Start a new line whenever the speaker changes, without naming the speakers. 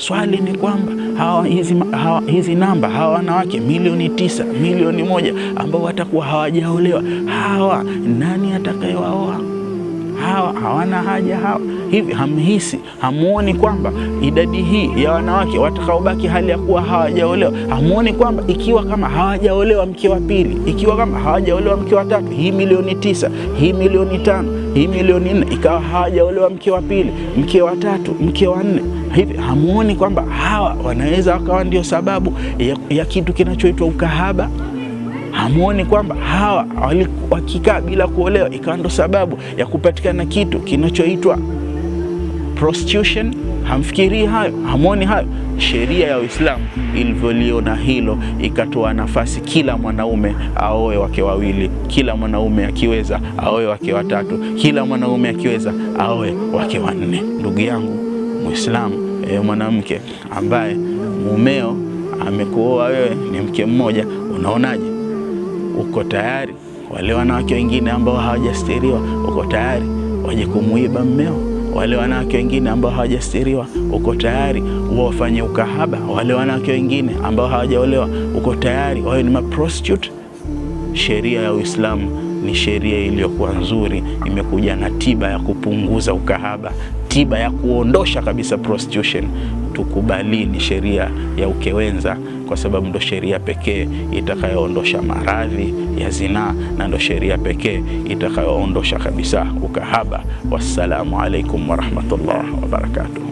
Swali ni kwamba hawa, hizi, hawa, hizi namba hawa wanawake milioni tisa milioni moja ambao watakuwa hawajaolewa hawa, nani atakayewaoa? Hawa hawana haja hawa. Hivi hamhisi hamuoni kwamba idadi hii ya wanawake watakaobaki hali ya kuwa hawajaolewa, hamuoni kwamba ikiwa kama hawajaolewa mke wa pili, ikiwa kama hawajaolewa mke wa tatu, hii milioni tisa, hii milioni tano hii milioni nne ikawa hawajaolewa mke wa pili, mke wa tatu, mke wa nne. Hivi hamuoni kwamba hawa wanaweza wakawa ndio sababu ya, ya kitu kinachoitwa ukahaba? Hamuoni kwamba hawa wakikaa bila kuolewa ikawa ndo sababu ya kupatikana kitu kinachoitwa prostitution? hamfikirii hayo, hamwoni hayo. Sheria ya Uislamu ilivyoliona hilo, ikatoa nafasi kila mwanaume aoe wake wawili, kila mwanaume akiweza aoe wake watatu, kila mwanaume akiweza aoe wake wanne. Ndugu yangu Muislamu, e, mwanamke ambaye mumeo amekuoa wewe ni mke mmoja, unaonaje? Uko tayari wale wanawake wengine ambao hawajastiriwa, uko tayari waje kumuiba mmeo? wale wanawake wengine ambao hawajastiriwa uko tayari wafanye ukahaba, wale wanawake wengine ambao hawajaolewa uko tayari wawe ni maprostitute. Sheria ya Uislamu ni sheria iliyokuwa nzuri, imekuja na tiba ya kupunguza ukahaba, tiba ya kuondosha kabisa prostitution. Tukubalini sheria ya ukewenza kwa sababu ndo sheria pekee itakayoondosha maradhi ya zinaa na ndo sheria pekee itakayoondosha kabisa ukahaba. Wassalamu alaikum warahmatullahi wabarakatuh.